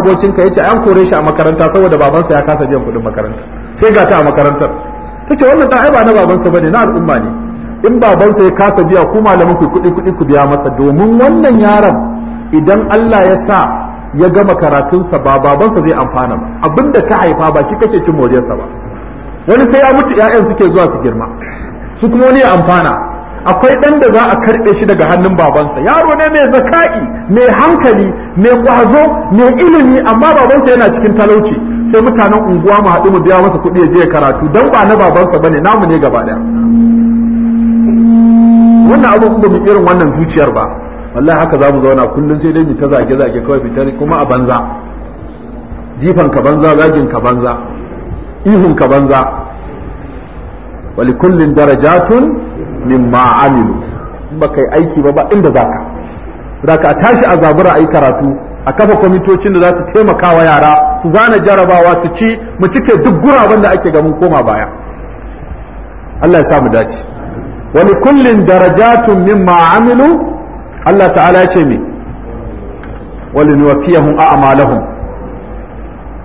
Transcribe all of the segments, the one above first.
abokinka ya ce an kore shi a makaranta saboda babansa ya kasa biyan kuɗin makaranta sai ga ta a makarantar tace ce wannan ai ba na babansa bane na al'umma ne in babansa ya kasa biya ku malamin ku kuɗi kuɗi ku biya masa domin wannan yaron idan Allah ya sa ya gama karatunsa ba babansa zai amfana ba abinda ka haifa ba shi kake cin moriyarsa ba wani sai ya mutu 'ya'yan suke zuwa su girma su kuma wani ya amfana akwai ɗan da za a karɓe shi daga hannun babansa yaro ne mai zaka'i mai hankali mai ƙwazo mai ilimi amma babansa yana cikin talauci sai mutanen unguwa mu haɗu mu biya masa kuɗi ya je karatu don ba na babansa bane namu ne gaba ɗaya wannan abu ba mu irin wannan zuciyar ba wallahi haka za mu zauna kullum sai dai mu ta zage zage kawai fitar kuma a banza jifan ka banza zagin ka banza ihun ka banza walikullin darajatun Min ma'amilu ba kai aiki ba ba inda zaka zaka a tashi a zabura ayi karatu a kafa kwamitocin da za su taimaka wa yara su zana jarabawa su ci mu cike duk guraben da ake ga mun koma baya Allah ya sa mu dace wa li kullin darajatun mimma amilu Allah ta'ala ya ce me wa linuwaffiyahum a'malahum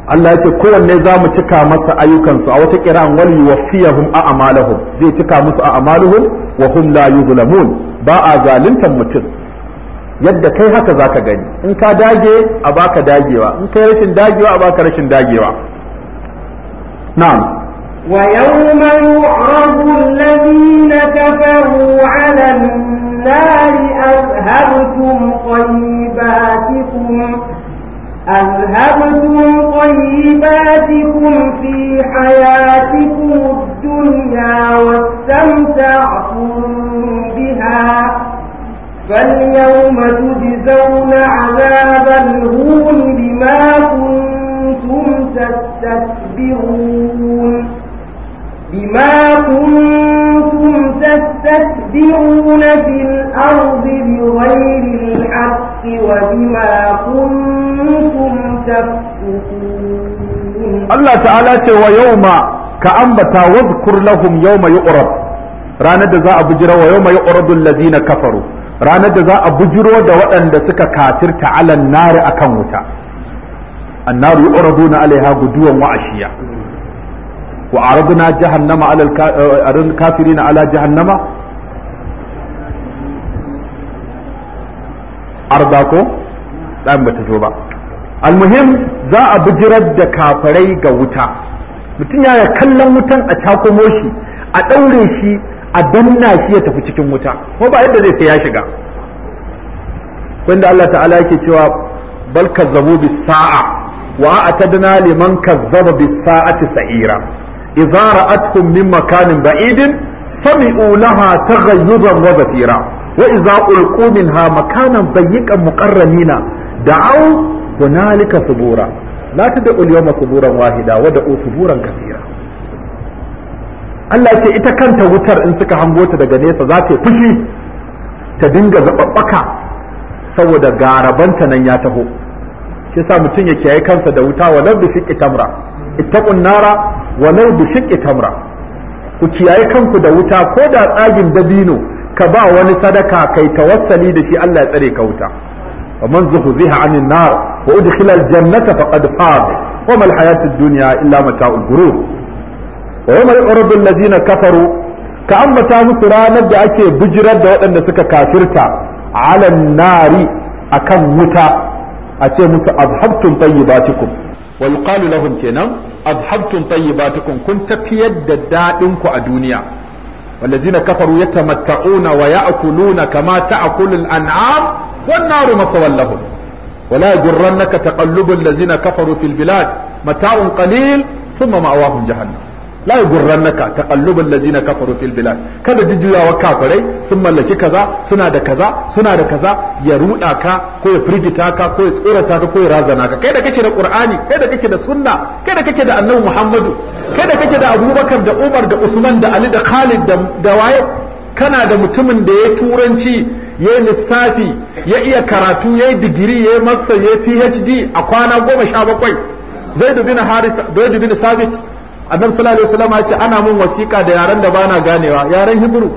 Allah ya ce kowanne za mu cika masa ayyukansu a wata kiran wali wafiyahum a amalahum zai cika musu a wa hum la yuzlamun ba a zaluntar mutum yadda kai haka zaka gani in ka dage a baka dagewa in kai rashin dagewa a baka rashin dagewa na'am ويوم يعرض الذين كفروا على النار أذهبتم طيباتكم أذهبتم طيباتكم fi حياتكم استمتعتم بها فاليوم تجزون عذاب الهون بما كنتم تستكبرون بما كنتم تستكبرون في الأرض بغير الحق وبما كنتم تفسقون الله تعالى ويوم كأنبتا واذكر لهم يوم يؤرب ranar da za a bujiro wa yawma yu'radul ladzina kafaru ranar da za a bujiro da waɗanda suka kafirta alan nari akan wuta annaru yu'raduna alaiha guduwan wa ashiya wa aradna jahannama alal eh, kafirina ala jahannama arda ko dan bata zo ba almuhim za a bijirar da kafarai ga wuta mutum ya kallon wutan a cakomo shi a ɗaure shi a danna shi ya tafi cikin wuta ko ba yadda zai sai ya shiga wanda Allah ta'ala yake cewa bal kazzabu bis sa'a wa atadna liman kazzaba bis sa'ati sa'ira idza ra'atkum min makanin ba'idin sami'u laha taghayyuzan wa zafira wa idza ulqu minha makanan dayyiqan muqarranina da'aw hunalika subura la tad'u al-yawma suburan wahida wa da'u suburan kathira Allah ya ce ita kanta wutar in suka hango ta daga nesa za ta yi fushi ta dinga zaɓaɓɓaka saboda garabanta nan ya taho Ke sa mutum ya kiyaye kansa da wuta walau bi shiqqi tamra ittaqun nara walau bi shiqqi tamra ku kiyaye kanku da wuta ko da tsagin dabino ka ba wani sadaka kai tawassali da shi Allah ya tsare ka wuta wa man zuhziha 'anil nar wa udkhila al-jannata faqad faz wa mal hayatud dunya illa mata'ul ghurur wa yawma yuqradu kafaru ka ambata musu ranar da ake bijirar da waɗanda suka kafirta alan nari akan wuta a ce musu azhabtum tayyibatikum wa yuqalu kenan azhabtum tayyibatikum kun tafiyar da daɗin ku a duniya lazina kafaru yatamatta'una wa na kama ta'kulul an'am wan naru matawallahum naka taƙallubin تقلب الذين كفروا في البلاد متاع قليل ثم مأواهم جهنم la yughrannaka taqallubul ladina kafaru fil bilad kada jujjuyawa kafirai sun mallaki kaza suna da kaza suna da kaza ya ruda ka ko ya firgita ka ko ya tsorata ka ko ya razana ka kai da kake da qur'ani kai da kake da sunna kai da kake da annabi muhammadu kai da kake da abubakar da umar da usman da ali da khalid da da waye kana da mutumin da ya turanci ya lissafi ya iya karatu ya yi digiri ya yi ya phd a kwana goma sha bakwai zai bin haris zai bin sabit annabi sallallahu alaihi wasallam ya ce ana mun wasiƙa da yaren da bana ganewa yaren hibru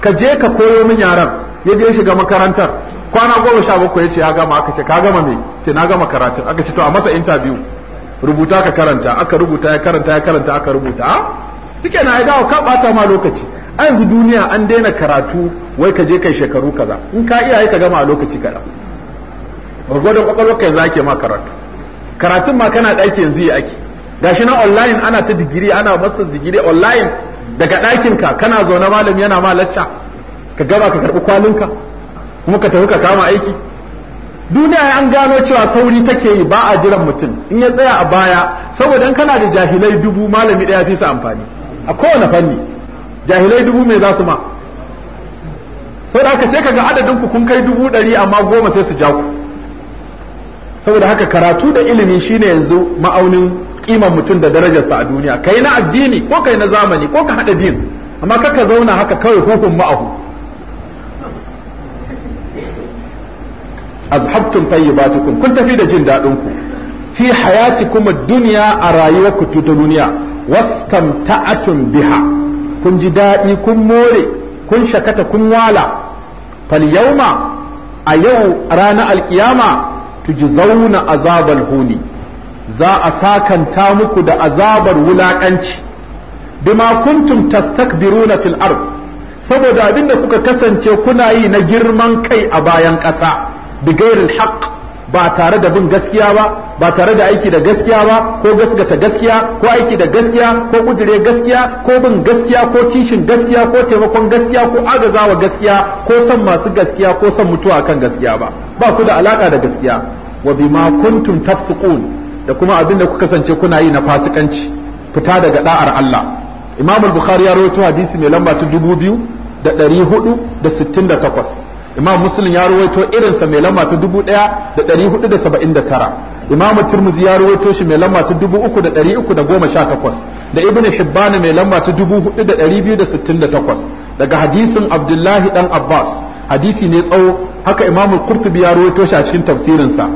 ka je ka koyo min yaren ya je shiga makarantar kwana goma sha bakwai ya ce ya gama aka ce ka gama me ce na gama karatu aka ce to a masa interview rubuta ka karanta aka rubuta ya karanta ya karanta aka rubuta a ah, shike na ya dawo ka bata ma lokaci yanzu duniya an daina karatu wai ka je kai shekaru kaza in ka iya ka gama a lokaci kaza gwargwadon kwakwalwar kai yanzu ake ma karatu karatun ma kana ɗaki yanzu ya ake gashi na online ana ta digiri ana masa digiri online daga ɗakin ka kana zaune malam yana ma lacca ka gaba ka karɓi kwalinka kuma ka tafi ka kama aiki duniya an gano cewa sauri take yi ba a jiran mutum in ya tsaya a baya saboda kana da jahilai dubu malami ɗaya fi su amfani a kowane fanni jahilai dubu mai za su ma saboda haka sai kaga adadin ku kun kai dubu ɗari amma goma sai su ja ku saboda haka karatu da ilimi shine yanzu ma'aunin Kiman mutum da darajarsa a duniya kai na addini ko kai na zamani ko ka haɗa biyun amma kaka zauna haka kawai hukun ma'ahu azhabtum tayyibatukum kun tafi da jin daɗin ku fi hayatikum ad-dunya a rayuwarku ta duniya wastamta'atum biha kun ji daɗi kun more kun shakata kun wala fal yawma a yau rana alkiyama tujzauna azabal huni za a sakanta muku da azabar wulaƙanci bima kuntum tastakbiruna fil ard saboda abin da kuka kasance kuna yi na girman kai a bayan ƙasa bigairil haqq ba tare da bin gaskiya ba ba tare da aiki da gaskiya ba ko gaskata gaskiya ko aiki da gaskiya ko kudure gaskiya ko bin gaskiya ko kishin gaskiya ko taimakon gaskiya ko agazawa gaskiya ko son masu gaskiya ko son mutuwa kan gaskiya ba ba ku da alaka da gaskiya wa bima kuntum tafsiqun da kuma abin da ku kasance kuna yi na fasikanci fita daga da'ar Allah Imam al-Bukhari ya rawaito hadisi mai lamba da 2468 Imam Muslim ya rawaito irinsa mai lamba ta 1479 Imam Tirmidhi ya rawaito shi mai lamba ta 3318 da Ibn Hibban mai lamba ta 4268 daga hadisin Abdullahi dan Abbas hadisi ne tsawo haka Imam Qurtubi ya rawaito shi a cikin tafsirinsa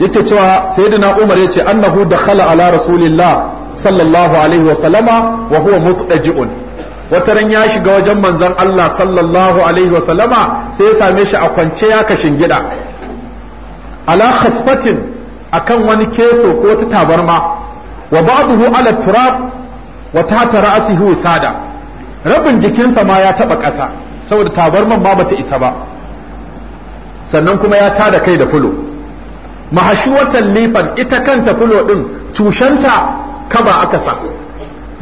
yake cewa sayyidina Umar yace annahu dakhala ala rasulillah sallallahu alaihi wa sallama wa huwa mutdaji'un wata ran ya shiga wajen manzon Allah sallallahu alaihi wa sallama sai ya same shi a kwance ya kashin gida ala khasfatin akan wani keso ko wata tabarma wa ba'dahu ala turab wa tata ra'sihi Wasada, rabin jikinsa ma ya taba ƙasa saboda tabarman ma bata isa ba sannan kuma ya tada kai da fulo mahashuwatan lifan ita kanta fulo din tushenta kaba aka sa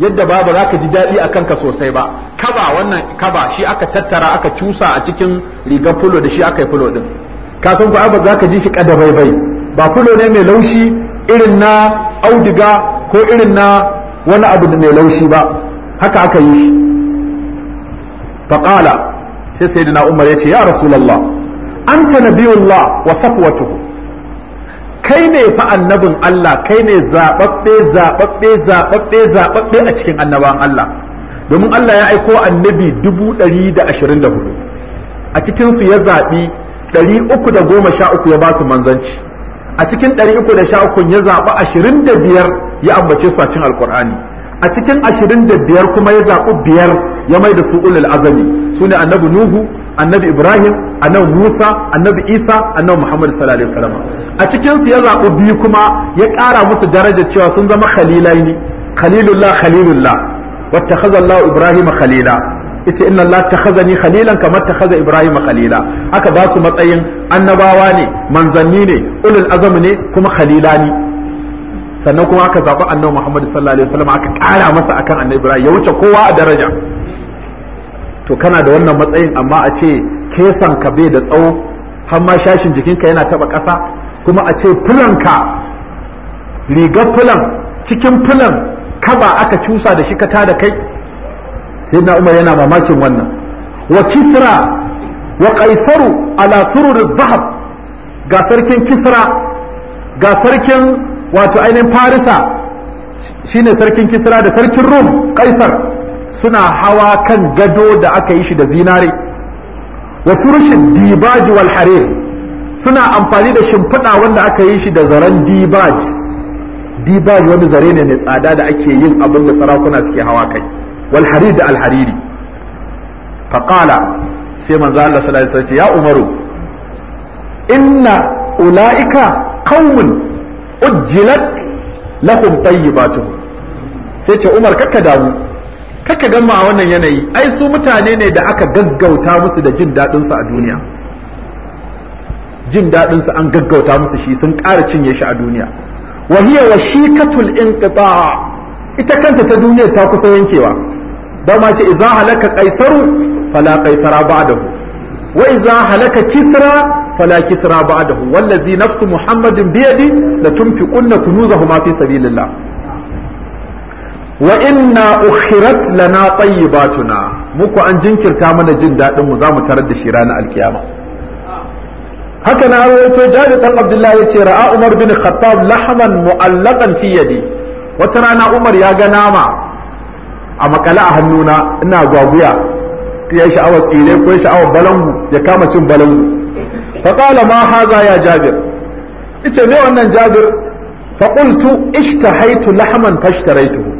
yadda babu za ka ji daɗi a kanka sosai ba kaba wannan kaba shi aka tattara aka cusa a cikin rigar fulo da shi aka yi fulo din ka san ku ba za ka ji shi kada bai ba fulo ne mai laushi irin na auduga ko irin na wani abu da mai laushi ba haka aka yi shi faqala sai sayyidina umar ya ce ya rasulullah anta nabiyullah wa safwatuhu kai ne fa annabin Allah kai ne zaɓaɓɓe zaɓaɓɓe zaɓaɓɓe zaɓaɓɓe a cikin annabawan Allah domin Allah ya aiko annabi dubu ɗari da ashirin da hudu a su ya zaɓi ɗari uku da goma sha uku ya ba su manzanci a cikin ɗari uku da sha uku ya zaɓi ashirin da biyar ya ambace su a cikin alkur'ani a cikin ashirin da biyar kuma ya zaɓi biyar ya mai da su ulul azami su ne annabi nuhu annabi ibrahim annabi musa annabi isa annabi muhammad sallallahu alaihi wasallam a cikin su ya zaɓi biyu kuma ya ƙara musu daraja cewa sun zama khalilai ne khalilullah khalilullah wata ibrahim khalila yace inna allah takhazani khalilan kamar takhaza ibrahim khalila aka ba su matsayin annabawa ne manzanni ne ulul azam ne kuma khalilani sannan kuma aka zaɓi annabi muhammad sallallahu alaihi wasallam aka ƙara masa akan annabi ibrahim ya wuce kowa a daraja to kana da wannan matsayin amma a ce kesan ka bai da tsawo har ma shashin jikinka yana taba ƙasa kuma a ce fulanka rigar fulan cikin fulan kaba aka cusa da shi ka da kai sai na umar yana mamakin wannan wa kisra wa kaisaru ala sururin zahab ga sarkin kisra ga sarkin wato ainihin farisa shine sarkin kisra da sarkin rum kaisar suna hawa kan gado da aka yi shi da zinare wa furushin dibaji wal harir suna amfani da shimfiɗa wanda aka yi shi da zaren dibaj dibaj wani zare ne mai tsada da ake yin abin da sarakuna suke hawa kai wal da alhariri faqala sai manzo Allah sallallahu alaihi wasallam ya umaru inna ulaika qaumun ujilat lahum tayyibatuhum sai ce Umar kakka damu kakka gama a wannan yanayi ai su mutane ne da aka gaggauta musu da jin daɗinsu a duniya jin daɗin su an gaggauta musu shi sun ƙara cinye shi a duniya wa hiya washikatul inqita ita kanta ta duniya ta kusa yankewa dama ce idza halaka qaisaru fala qaisara ba'dahu wa idza halaka kisra فلا كسرى بعده والذي نفس محمد بيده لتنفقن كنوزهما في سبيل الله وإنا أخرت لنا طيباتنا muku an jinkirta mana jin daɗin mu za mu tarar da shi ranar alkiyama haka na rawaito jabir dan abdullahi yace ra'a umar bin khattab lahman mu'allaqan fi yadi wata rana umar ya ga nama a makale a hannuna ina gwaguya ya sha'awar tsire ko sha'awar balangu ya kama cin balangu فقال ما هذا يا جابر ita me wannan jabir fa qultu ishtahaitu lahman fashtaraytuhu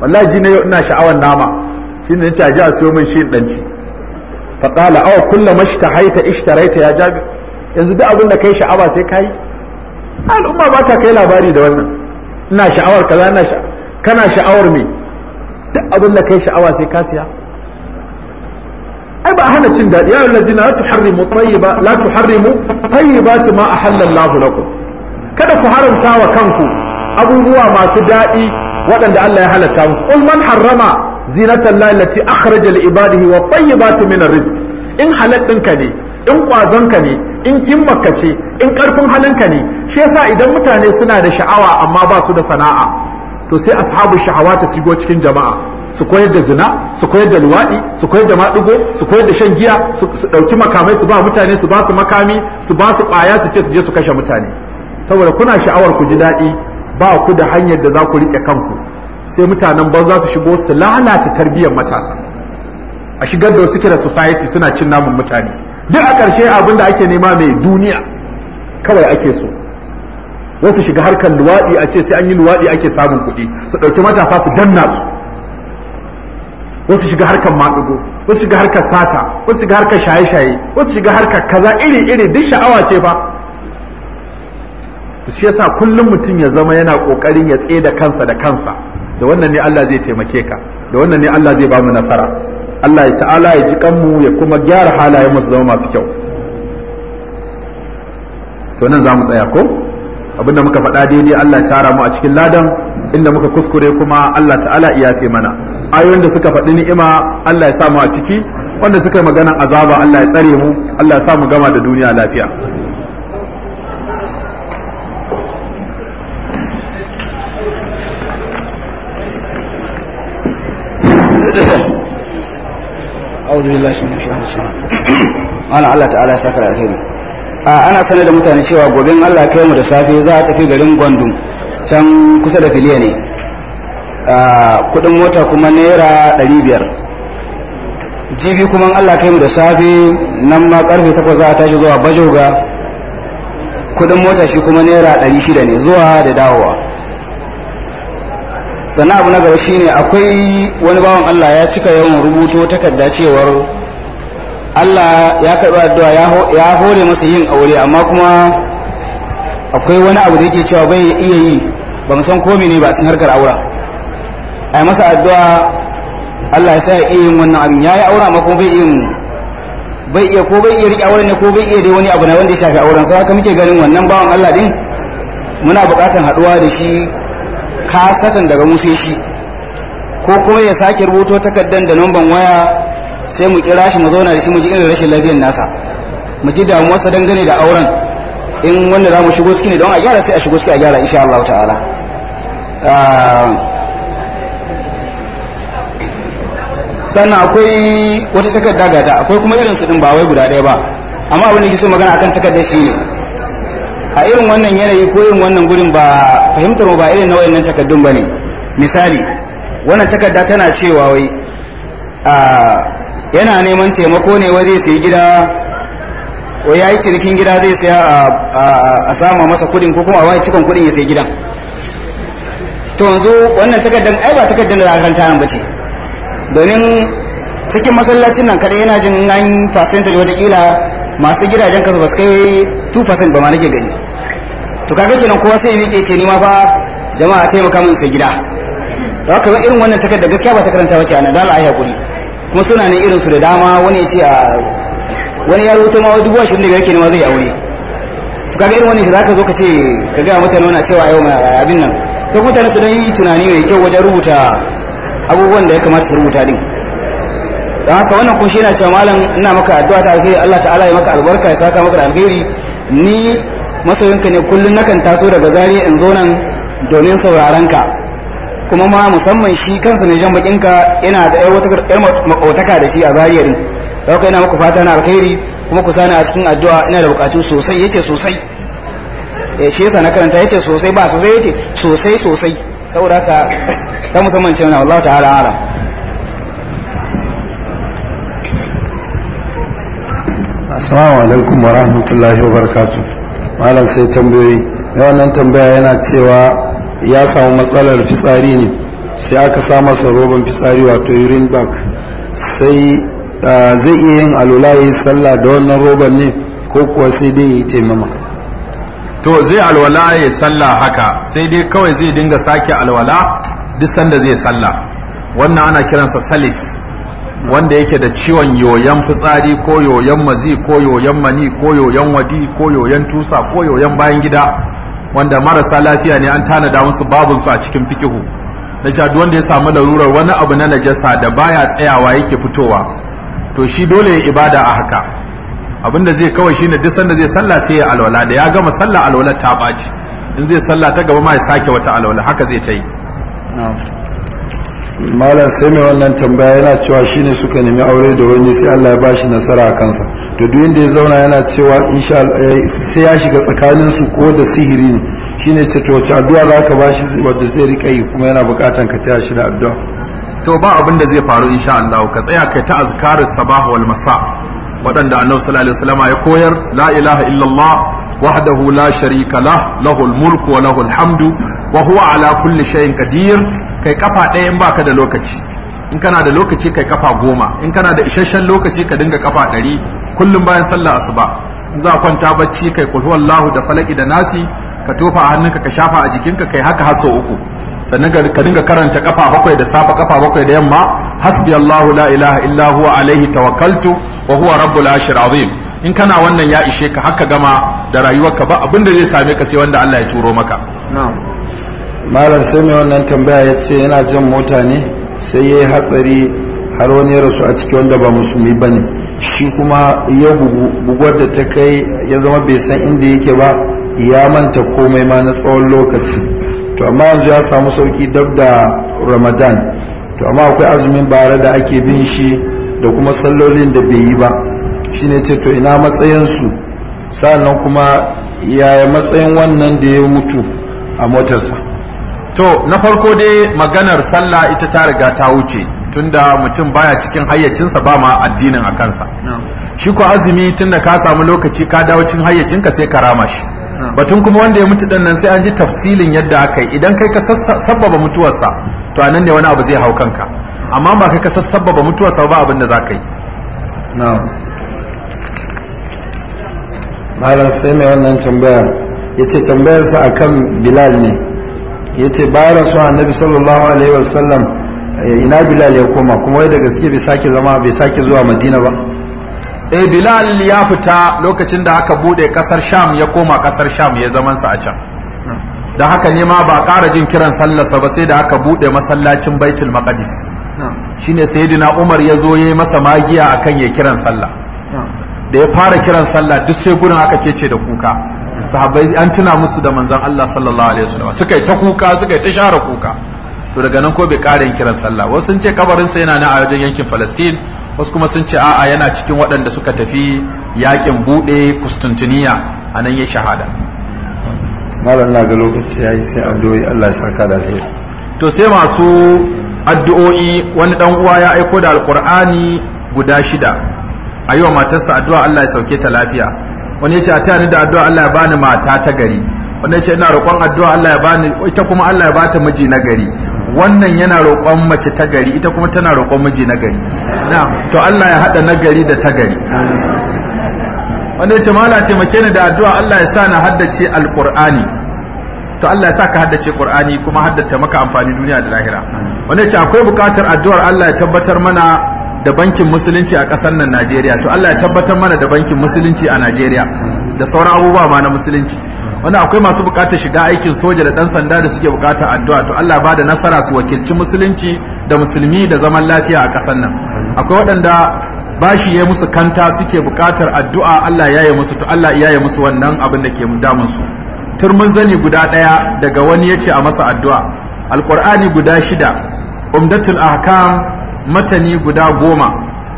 wallahi ji ne ina sha'awar nama shine nace a ji a siyo min shi danci fa qala aw kullu mashtahaita ishtarayta ya jabir yanzu duk abin da kai sha'awa sai kai al'umma ba ta kai labari da wannan ina sha'awar kaza ina sha kana sha'awar me duk abin da kai sha'awa sai ka siya ai ba hana cin daɗi ya allazina la tuharrimu tayyiba la tuharrimu tayyibatu ma ahalla Allah lakum kada ku haramta wa kanku abubuwa masu daɗi waɗanda Allah ya halatta muku qul man harrama zinatan lahi allati akhraja li ibadihi wa tayyibatu min arrizq in halal ɗinka ne in kwazonka ne in himmarka ce in karfin halinka ne shi yasa idan mutane suna da sha'awa amma ba su da sana'a to sai ashabu sha'awa ta shigo cikin jama'a su koyar da zina su koyar da luwaɗi su koyar da maɗigo su koyar da shan giya su ɗauki makamai su ba mutane su ba su makami su ba su ƙwaya su ce su je su kashe mutane saboda kuna sha'awar ku ji daɗi ba ku da hanyar da za ku riƙe kanku sai mutanen ban za su shigo su lalata tarbiyyar matasa a shigar da wasu kira society suna cin namun mutane duk a ƙarshe abin da ake nema mai duniya kawai ake so wasu shiga harkar luwaɗi a ce sai an yi luwaɗi ake samun kuɗi su ɗauki matasa su danna su wasu shiga harkar maɗugo wasu shiga harkar sata wasu shiga harkar shaye-shaye wasu shiga harkar kaza iri-iri duk sha'awa ce ba to shi yasa kullum mutum ya zama yana ƙoƙarin ya tsaye da kansa da kansa da wannan ne Allah zai taimake ka da wannan ne Allah zai ba mu nasara Allah ya ta'ala ya ji kanmu ya kuma gyara halayen masu zama masu kyau to nan za mu tsaya ko abinda muka faɗa daidai Allah ya tara mu a cikin ladan inda muka kuskure kuma Allah ta'ala ya yafe mana ayoyin da suka faɗi ni'ima Allah ya sa mu a ciki wanda suka yi maganan azaba Allah ya tsare mu Allah ya sa mu gama da duniya lafiya ana Allah sanar da mutane cewa gobe Allah kai mu da safe za a tafi garin Gondum can kusa da filiya ne kudin mota kuma naira 500 jibi kuma Allah kai mu da safe nan ma karfe 8 za a tashi zuwa Bajoga kudin mota shi kuma naira 600 ne zuwa da dawowa sannan abu na gaba shine akwai wani bawan Allah ya cika yawan rubuto takarda cewar Allah ya karɓi addu'a ya hore masa yin aure amma kuma akwai wani abu da yake cewa bai iya yi ba mu san ko ne ba sun harkar aura yi masa addu'a Allah ya sa ya iya yin wannan abin yi aura amma kuma bai iya bai iya ko bai iya riƙe auren ne ko bai iya dai wani abu na wanda ya shafi auren sa haka muke ganin wannan bawan Allah din muna buƙatar haɗuwa da shi kasatan daga mu shi ko kuma ya sake rubuto takardar da numban waya sai mu kira shi mu zauna da shi mu ji irin rashin lafiyar nasa mu ji damuwarsa dangane da auren in wanda za mu shigo ciki ne don a gyara sai a shigo ciki a gyara insha Allah ta'ala ah, sannan akwai wata takarda gata akwai kuma irin su din ba wai guda ɗaya ba amma abin da kike so magana akan takardar shi ne a irin wannan yanayi ko irin wannan gurin ba fahimtar mu ba irin na wayannan takaddun bane misali wannan takarda tana cewa wai yana neman taimako ne waje sai gida ko yayi cinikin gida zai saya a sama masa kudin ko kuma a wai cikon kudin ya sai gidan to yanzu wannan takardar ai ba takardar da aka ba ce domin cikin masallacin nan kada yana jin an percentage wata kila masu gidajen kasu ba su kai 2% ba ma nake gani to kaga kenan kowa sai miƙe ce ni ma fa jama'a taimaka min sai gida da haka irin wannan takarda gaskiya ba ta karanta wace ana dala ai hakuri kuma suna ne irin su da dama wani ya ce a wani ya ta ma dubu ashirin da yake ne ma zai aure to kaga irin wannan shi zaka zo ka ce ka ga mutane wannan cewa yau mai abin nan sai mutane su dan yi tunani mai kyau wajen rubuta abubuwan da ya kamata su rubuta din don haka wannan kun shi yana cewa malam ina maka addu'a ta alheri Allah ta'ala ya maka albarka ya saka maka da alheri ni masoyinka ne kullum nakan taso daga zari in zo nan domin sauraron ka kuma ma musamman shi kansa ne jan bakin ka yana da yar makotaka da shi a zariya din da kai na muku fata na alkhairi kuma ku sani a cikin addu'a ina da bukatu sosai yace sosai eh shi yasa na karanta yace sosai ba sosai yace sosai sosai saboda haka ta musamman cewa Allah ta'ala ala assalamu alaikum wa rahmatullahi wa malam sai tambayoyi wannan tambaya yana cewa ya samu matsalar fitsari ne sai aka sa masa roban fitsari wato urine bag sai zai iya yin alwalayi sallah da wannan roban ne ko kuwa sai dai yi taimama to zai alwala ya sallah haka sai dai kawai zai dinga sake alwala duk sanda zai sallah wannan ana kiransa salis wanda yake da ciwon yoyon fitsari ko yoyon mazi ko yoyon mani ko yoyon wadi ko yoyon tusa ko yoyon bayan gida wanda marasa lafiya ne an tanada musu babunsu a cikin fikihu na cewa wanda ya samu larurar wani abu na najasa da baya tsayawa yake fitowa to shi dole ya ibada a haka abinda zai kawai shine duk sanda zai sallah sai ya alwala da ya gama sallah alwala ta baci in zai sallah ta gaba ma ya sake wata alwala haka zai ta yi malam sai mai wannan tambaya yana cewa shine suka nemi aure da wani sai Allah ya bashi nasara a kansa to duk inda ya zauna yana cewa insha Allah eh, sai ya shiga tsakanin su ko da sihiri ne shine ce to wace addu'a zaka bashi wanda zai rika yi kuma yana bukatan ka taya shi da addu'a to ba abin da zai faru insha Allah ka tsaya kai ta azkarus sabah wal masa waɗanda annabi sallallahu alaihi wasallam ya koyar la ilaha illallah وحده لا شريك mulku wa الملك hamdu الحمد وهو على كل shayin قدير kai kafa ɗaya in baka da lokaci in kana da lokaci kai kafa goma in kana da isasshen lokaci ka dinga kafa ɗari kullum bayan sallah asuba in za kwanta bacci kai kulhuwallahu da falaki da nasi ka tofa a hannunka ka shafa a jikinka kai haka sau uku sannan ka dinga karanta kafa bakwai da safa kafa bakwai da yamma hasbi Allahu la ilaha illa huwa alaihi tawakkaltu wa huwa rabbul ashir azim in kana wannan ya ishe ka haka gama da rayuwarka ba abin da zai same ka sai wanda Allah ya turo maka malam sai wannan tambaya ya ce yana jan mota ne sai ya yi hatsari har wani ya rasu a ciki wanda ba musulmi ba ne shi kuma ya bugwar da ta kai ya zama bai san inda yake ba ya manta komai ma na tsawon lokaci to amma yanzu ya samu sauki dab da ramadan to amma akwai azumin bara da ake bin shi da kuma sallolin da bai yi ba shi ne ce to ina matsayinsu sa'annan kuma yaya matsayin wannan da ya mutu a motarsa to na farko dai maganar sallah ita ta riga ta wuce tunda mutum baya cikin hayyacinsa ba ma addinin a kansa shi ko azumi tunda ka samu lokaci ka dawo cikin hayyacinka sai ka rama shi batun kuma wanda ya mutu dan nan sai an ji tafsilin yadda aka yi idan kai ka sabbaba mutuwarsa to anan ne wani abu zai hau kanka amma ba kai ka sabbaba mutuwarsa ba abin da za ka yi malam sai mai wannan tambaya ya ce tambayarsa akan bilal ne ya ce bayan rasuwa annabi sallallahu alaihi wasallam eh, ina bilal ya koma kuma wai da gaske bai sake zama bai sake zuwa madina ba eh bilal ya fita lokacin da aka bude kasar sham ya koma kasar sham ya zaman sa a can don haka ne ma ba ƙara jin kiran sallar sa ba sai da aka bude masallacin baitul maqdis shine sayyidina umar ya zo yayi masa magiya akan ya kiran sallah da ya fara kiran sallah duk sai gurin aka kece da kuka sahabbai an tuna musu da manzon Allah sallallahu alaihi wasallam suka yi ta kuka suka yi ta share kuka to daga nan ko bai ƙara kiran sallah wasu sun ce kabarin sa yana nan a wajen yankin Palestine wasu kuma sun ce a'a yana cikin waɗanda suka tafi yakin buɗe Constantinople a nan ya shahada malam na ga lokaci yayi sai addu'o'i Allah ya saka da alheri to sai masu addu'o'i wani dan uwa ya aiko da alqur'ani guda shida a matarsa addu'a Allah ya sauke ta lafiya wani ya ce a ni da addu'a Allah ya bani mata ta gari wani ya ce ina roƙon addu'a Allah ya bani ita kuma Allah ya bata miji na gari wannan yana roƙon mace ta gari ita kuma tana roƙon miji na gari to Allah ya haɗa na gari da ta gari Wani ya ce mala taimake ni da addu'a Allah ya sa na haddace alƙur'ani to Allah ya sa ka haddace ƙur'ani kuma haddata maka amfani duniya da lahira wani ya ce akwai buƙatar addu'ar Allah ya tabbatar mana da bankin musulunci a ƙasar nan Najeriya to Allah ya tabbatar mana da bankin musulunci a Najeriya da sauran abubuwa ma na musulunci wanda akwai masu bukatar shiga aikin soja da dan sanda da suke bukatar addu'a to Allah ba da nasara su wakilci musulunci da musulmi da zaman lafiya a ƙasar nan akwai waɗanda bashi ya musu kanta suke bukatar addu'a Allah ya yi musu to Allah ya yi musu wannan abin da ke damun su turmin zani guda ɗaya daga wani ya ce a masa addu'a alqur'ani guda shida umdatul ahkam matani guda goma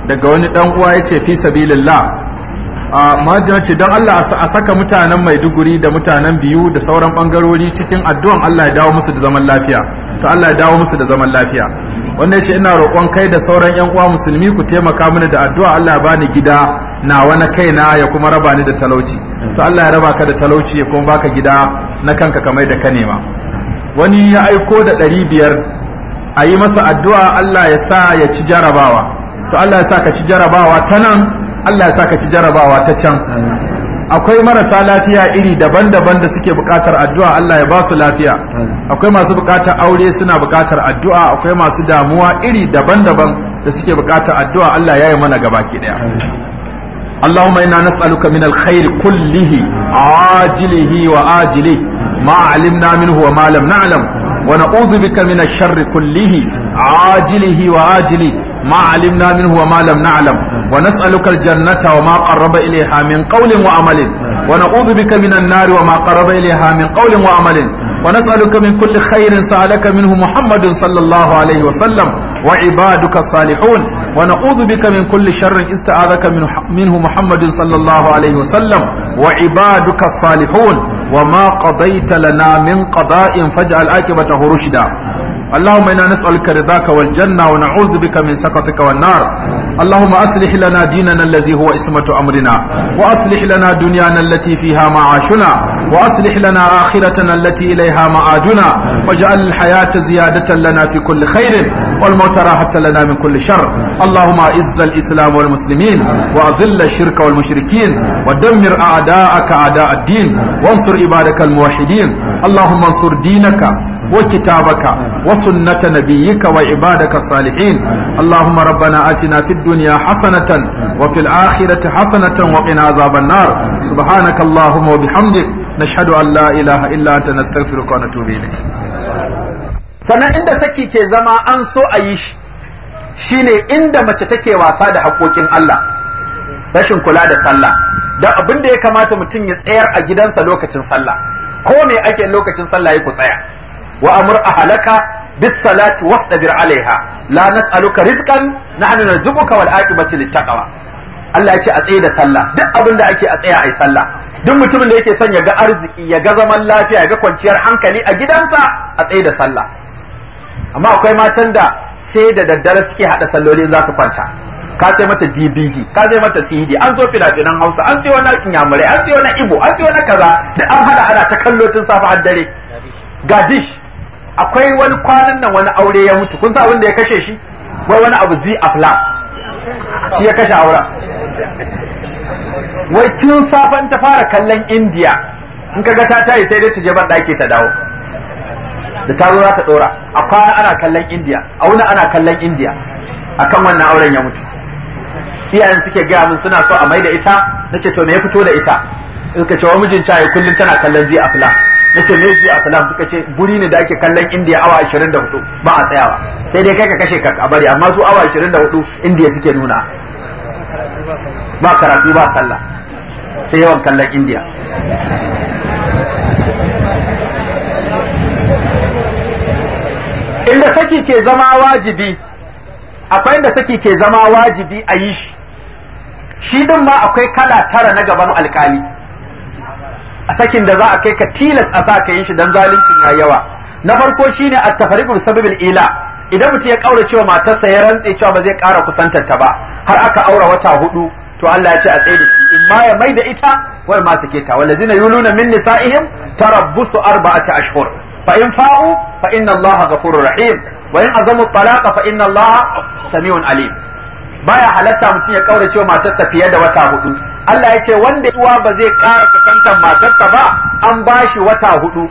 daga wani dan uwa ya ce fi sabilillah majina ce don Allah a saka mutanen maiduguri da mutanen biyu da sauran bangarori cikin addu'an Allah ya dawo musu da zaman lafiya to Allah ya dawo musu da zaman lafiya wanda ya ce ina roƙon kai da sauran yan uwa musulmi ku taimaka mini da addu'a Allah ya bani gida na wani na ya kuma raba ni da talauci to Allah ya raba ka da talauci ya kuma ba ka gida na kanka kamar da ka nema wani ya aiko da ɗari biyar a yi masa addu'a Allah ya sa ya ci jarabawa to Allah ya sa ka ci jarabawa ta nan Allah ya sa ka ci jarabawa ta can akwai marasa lafiya iri daban-daban da suke buƙatar addu'a Allah ya ba su lafiya akwai masu buƙatar aure suna buƙatar addu'a akwai masu damuwa iri daban-daban da suke buƙatar addu'a Allah ya yi mana gaba ke ɗaya اللهم إنا نسألك من الخير كله عاجله وآجله ما علمنا منه وما لم نعلم Wana na'udhu bika min ash-sharri kullihi ajilihi wa ajili ma 'alimna minhu wa ma lam na'lam wa nas'aluka al-jannata wa ma qaraba ilayha min qawlin wa amalin wa na'udhu bika min an-nari wa ma qaraba ilayha min qawlin wa amalin wa nas'aluka min kulli khairin sa'alaka minhu Muhammadun sallallahu alayhi wa sallam wa ibaduka salihun wa na'udhu bika min kulli sharrin ista'adaka minhu Muhammadun sallallahu alayhi wa sallam wa ibaduka salihun وما قضيت لنا من قضاء فاجعل عاقبته رشدا اللهم إنا نسألك رضاك والجنة ونعوذ بك من سخطك والنار اللهم أصلح لنا ديننا الذي هو اسمة أمرنا وأصلح لنا دنيانا التي فيها معاشنا وأصلح لنا آخرتنا التي إليها معادنا واجعل الحياة زيادة لنا في كل خير والموت راحة لنا من كل شر اللهم أعز الإسلام والمسلمين وأذل الشرك والمشركين ودمر أعداءك أعداء الدين وانصر عبادك الموحدين اللهم انصر دينك وكتابك وسنة نبيك وعبادك الصالحين اللهم ربنا آتنا في الدنيا حسنة وفي الآخرة حسنة وقنا عذاب النار سبحانك اللهم وبحمدك نشهد أن لا إله إلا أنت نستغفرك ونتوب إليك sannan inda saki ke zama an so a yi shi shine inda mace take wasa da haƙoƙin Allah rashin kula da sallah da abin da ya kamata mutum ya tsayar a gidansa lokacin sallah ko me ake lokacin sallah ya ku tsaya wa amur halaka bisalatu wasu ɗabir alaiha la nas'aluka rizqan nahnu narzuquka wal aqibatu littaqwa Allah ya ce a tsaye da sallah duk abin da ake a tsaya yi sallah duk mutumin da yake son ya ga arziki ya ga zaman lafiya ya ga kwanciyar hankali a gidansa a tsaye da sallah amma akwai matan da sai da daddare suke hada salloli za su kwanta ka sai mata DVD ka sai mata CD an so fina-finan Hausa an siyo na Inyamurai an siyo na Ibo an siyo na kaza da an hada ana ta kallo tun safa har dare ga akwai wani kwanan nan wani aure ya mutu kun sa abin da ya kashe shi wai wani abu zi afla shi ya kashe auren wai tun safan ta fara kallon indiya in kaga ta tayi sai dai ta je ban daki ta dawo da ta zo za ta dora a kwana ana kallon indiya a wani ana kallon indiya akan wannan auren ya mutu iyayen suke gaya min suna so a mai da ita nace to me ya fito da ita In ka ce wa mijin ya kullum tana kallon zi afla nace me a salam suka ce guri ne da ake kallon indiya awa 24 ba a tsayawa sai dai kai ka kashe ka a bari amma su awa 24 indiya suke nuna ba karatu ba sallah sai yawan kallon indiya inda saki ke zama wajibi akwai inda saki ke zama wajibi a yi shi shi din ma akwai kala tara na gaban alkali a sakin da za a kai ka tilas a sa ka yi shi dan zaluncin ya yawa na farko shine at tafariqu sababil ila idan mutum ya kaura cewa matarsa ya rantse cewa ba zai ƙara kusantar ta ba har aka aura wata hudu to Allah ya ce a tsaye da in ma ya mai da ita wai ma sake ta wallazina yuluna min nisaihim tarabbusu arba'ati ashhur fa in fa'u fa inna Allah ghafurur rahim wa in azamu talaqa fa inna Allah samiun alim baya halatta mutum ya kaura cewa matarsa fiye da wata hudu Allah ya ce wanda uwa ba zai ƙara kakantar matarka ba an ba shi wata hudu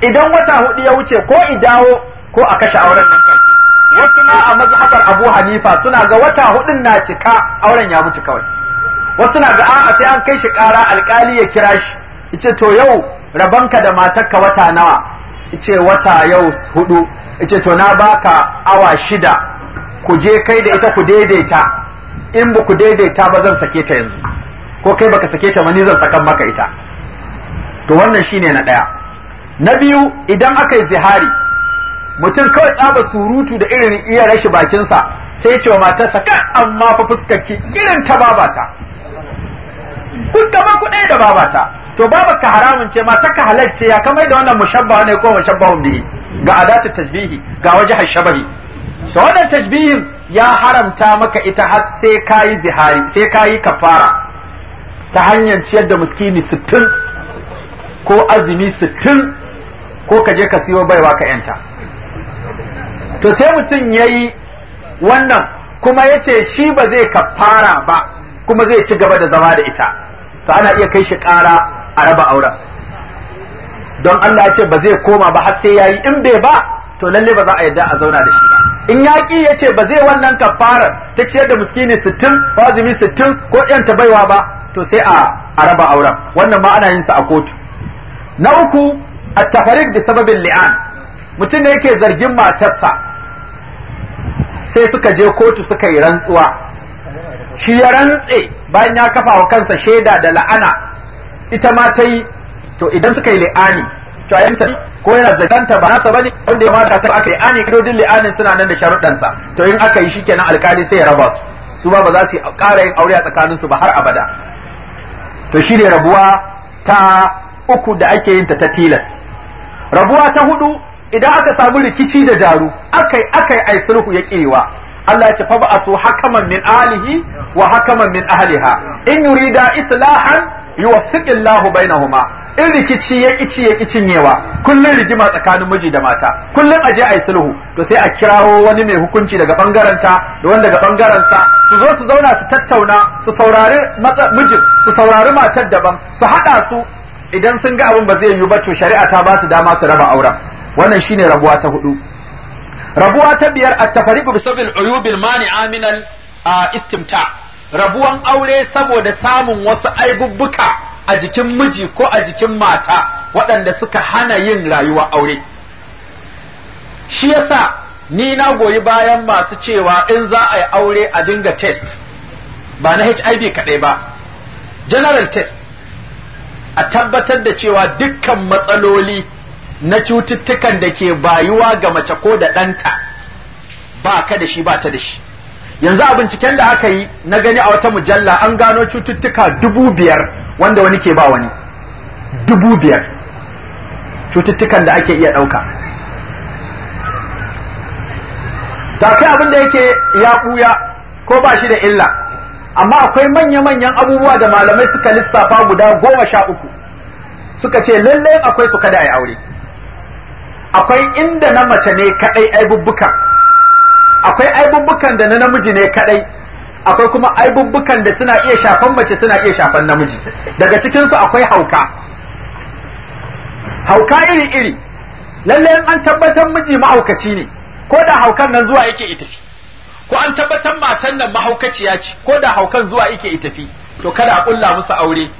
idan wata hudu ya wuce ko idawo ko a kashe auren nan take wasu ma a mazhabar Abu Hanifa suna ga wata hudun na cika auren ya mutu kawai wasu na ga a sai an kai shi ƙara alƙali ya kira shi yace to yau rabanka da matarka wata nawa Ice wata yau hudu yace to na baka awa shida ku je kai da ita ku daidaita in ba ku daidaita ba zan sake ta yanzu ko kai baka sake ta ba ni zan sakan maka ita to wannan shine na ɗaya na biyu idan aka yi zihari mutum kawai tsaba surutu da irin iya rashi bakinsa sai cewa matarsa kan amma fa fuskarki irin ta babata kun gaba ku da babata to babu ka haramun ce mata ka halarce ya kamar da wannan mushabba ne ko mushabba bihi ga adatu tajbihi ga waje shabahi to wannan tajbihin ya haramta maka ita har sai kayi zihari sai kayi kafara ta hanyar ciyar da muskini sittin ko azumi sittin ko kaje ka siyo baiwa ka yanta to sai mutum ya yi wannan kuma ya ce shi ba zai kafara ba kuma zai ci gaba da zama da ita to ana iya kai shi kara a raba auren don Allah ya ce ba zai koma ba har sai ya yi in bai ba to lalle ba za a yarda a zauna da shi ba in yaƙi ya ce ba zai wannan kafara ta ciyar da muskini sittin azumi sittin ko ta baiwa ba to sai a a auren wannan ma ana yin sa a kotu na uku a tafarik bi sababin li'an mutum ne yake zargin matarsa sai suka je kotu suka yi rantsuwa shi ya rantse bayan ya kafa wa kansa shaida da la'ana ita ma ta yi to idan suka yi li'ani to a ko yana zakanta ba nasa bane wanda ya mata ta aka yi ani kidodin li'anin suna nan da sa to in aka yi shikenan alkali sai ya raba su su ba ba za su ƙara yin aure a su ba har abada to shi rabuwa ta uku da ake yin ta ta tilas rabuwa ta hudu idan aka samu rikici da daru akai akai ai sulhu ya kirewa Allah ya ce fa ba'asu hakaman min alihi wa hakaman min ahliha in yurida islahan yuwaffiqillahu bainahuma in rikici ya kici ya cinyewa kullun rigima tsakanin miji da mata kullun aje ayi sulhu to sai a kirawo wani mai hukunci daga bangaren ta da wani daga bangaren sa su zo su zauna su tattauna su saurari mijin su saurari matar daban su haɗa su idan sun ga abin ba zai yiwu ba to shari'a ta ba su dama su raba auren wannan shine rabuwa ta hudu rabuwa ta biyar at-tafariqu bi sabil uyubil mani'a aminal istimta rabuwan aure saboda samun wasu aibubbuka a jikin miji ko a jikin mata waɗanda suka hana yin rayuwa aure shi yasa ni na goyi bayan masu cewa in za a yi aure a dinga test ba na HIV kaɗai ba general test a tabbatar da cewa dukkan matsaloli na cututtukan da ke bayuwa ga mace ko da ɗanta ba ka da shi ba ta da shi yanzu a binciken da aka yi na gani a wata mujalla an gano cututtuka dubu biyar wanda wani ke ba wani dubu biyar cututtukan da ake iya ɗauka ta kai abin da yake ya ɓuya ko ba shi da illa amma akwai manya-manyan abubuwa da malamai suka lissafa guda goma sha uku suka ce lallai akwai su kada a yi aure akwai inda na mace ne kaɗai bubbuka akwai aibubbukan da na namiji ne kaɗai akwai kuma aibubbukan da suna iya shafan mace suna iya shafan namiji daga cikinsu akwai hauka hauka iri iri lalle an tabbatar miji mahaukaci ne ko da haukan nan zuwa yake itafi ko an tabbatar matan nan mahaukaciya ce ko da haukan zuwa yake itafi to kada a kulla musu aure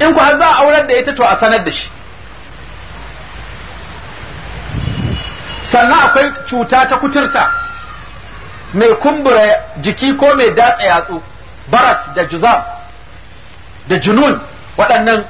in ku har za a aurar da ita to a sanar da shi sannan akwai cuta ta kuturta mai kumbura jiki ko mai datsa yatsu baras da juzam da junun waɗannan